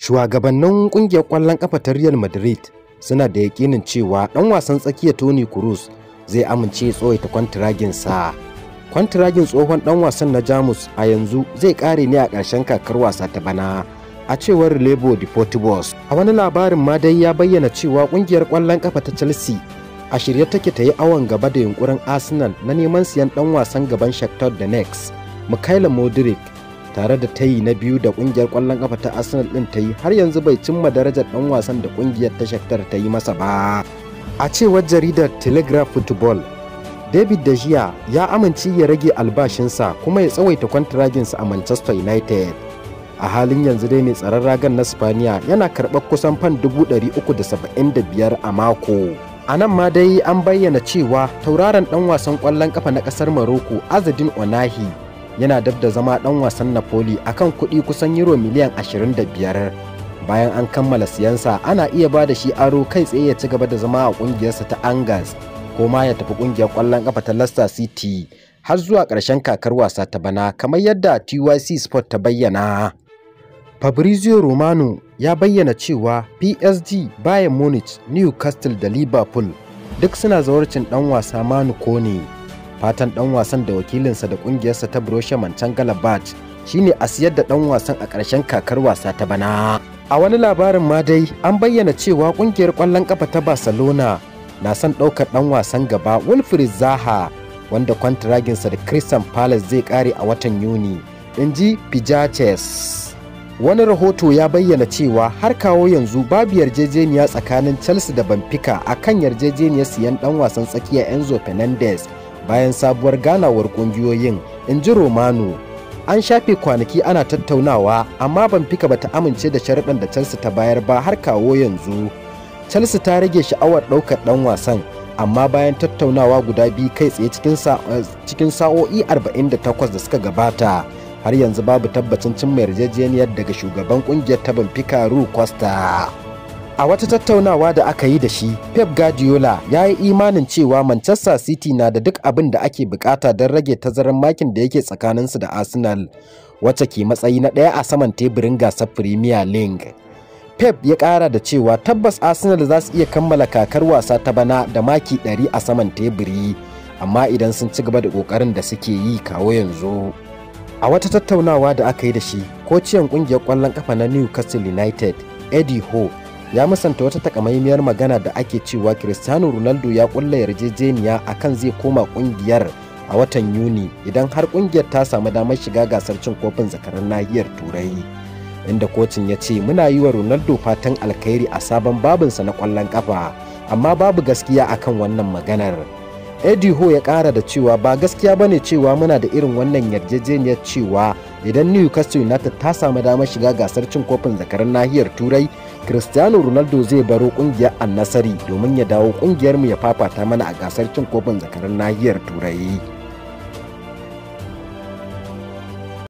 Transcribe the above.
Shugabannin ƙungiyar ƙwallon ƙafa ta Real Madrid suna da yakinin cewa ɗan wasan tsakiya Toni Kroos zai amince tsawaita kwantiraginsa. Kwantiragin tsohon ɗan wasan na Jamus a yanzu zai ƙare ne a ƙarshen kakar wasa ta bana. a cewar Lebo Deportivos. A wani labarin ma dai ya bayyana cewa kungiyar ƙwallon ƙafa ta Chelsea a shirye take ta yi awon gaba da yunkurin Arsenal na neman siyan ɗan wasan gaban Shakhtar Donetsk, Mikhail Modric tare da tayi na biyu da kungiyar kwallon kafa ta arsenal din ta yi har yanzu bai cimma darajar dan wasan da kungiyar ta shaktar ta yi masa ba a cewar jaridar telegraph football david de gea ya amince ya rage albashinsa kuma ya tsawaita kwantiraginsa a manchester united a halin yanzu dai mai tsaron ragan na spaniya yana karɓar kusan fan 375 a mako a nan ma dai an bayyana cewa tauraron ɗan wasan ƙwallon ƙafa na ƙasar maroko azadin onahi yana dab da zama dan wasan napoli akan kuɗi kusan euro miliyan 25 bayan an kammala siyansa ana iya ba da shi aro kai tsaye ya ci gaba da zama a ƙungiyarsa ta angas ko ma ya tafi ƙungiyar ƙwallon ƙafa ta leicester city har zuwa ƙarshen kakar wasa ta bana kamar yadda tyc sport ta bayyana fabrizio romano ya bayyana cewa psg bayern munich newcastle da liverpool duk suna zawarcin dan wasa manu kone fatan dan wasan da wakilinsa da kungiyarsa ta Borussia Mönchengladbach shine a siyar da dan wasan a ƙarshen kakar wasa ta bana a wani labarin ma dai an bayyana cewa kungiyar ƙwallon ƙafa ta Barcelona na son ɗaukar dan wasan gaba Wilfried Zaha wanda kwantiraginsa da Christian Palace zai ƙare a watan Yuni inji ji wani rahoto ya bayyana cewa har kawo yanzu babu yarjejeniya tsakanin Chelsea da Benfica akan yarjejeniyar siyan dan wasan tsakiya Enzo Fernandez bayan sabuwar ganawar ƙungiyoyin in ji romano an shafe kwanaki ana tattaunawa amma ban fika bata amince da sharuɗan da chelsea ta bayar ba har kawo yanzu chelsea ta rage sha'awar ɗaukar ɗan wasan amma bayan tattaunawa guda biyu kai tsaye cikin eh, sa'o'i 48 da suka gabata har yanzu babu tabbacin cimma yarjejeniyar daga shugaban kungiyar ta benfica rue costa A wata tattaunawa da aka yi da shi, Pep Guardiola ya yi imanin cewa Manchester City na da duk abin da ake bukata don rage tazarar makin da yake tsakanin su da Arsenal, wacce ke matsayi na ɗaya a saman teburin gasar Premier League. Pep ya kara da cewa tabbas Arsenal za su iya kammala kakar wasa ta bana da maki 100 a saman teburi, amma idan sun ci gaba da kokarin da suke yi kawo yanzu. A wata tattaunawa da aka yi da shi, kociyan ƙungiyar kwallon kafa na Newcastle United, Eddie Howe ya musanta wata takamaimiyar magana da ake cewa cristiano ronaldo ya kulla yarjejeniya a kan zai koma kungiyar a watan yuni idan har kungiyar ta samu damar shiga gasar cin kofin zakarar nahiyar turai inda kocin ya ce muna yi wa ronaldo fatan alkhairi a sabon babinsa na kwallon kafa amma babu gaskiya akan wannan maganar eddie ho ya kara da cewa ba gaskiya bane cewa muna da irin wannan yarjejeniyar cewa idan newcastle united ta samu damar shiga gasar cin kofin zakaran nahiyar turai cristiano ronaldo zai baro kungiyar annasari domin ya dawo kungiyar mu ya fafata mana a gasar cin kofin zakaran nahiyar turai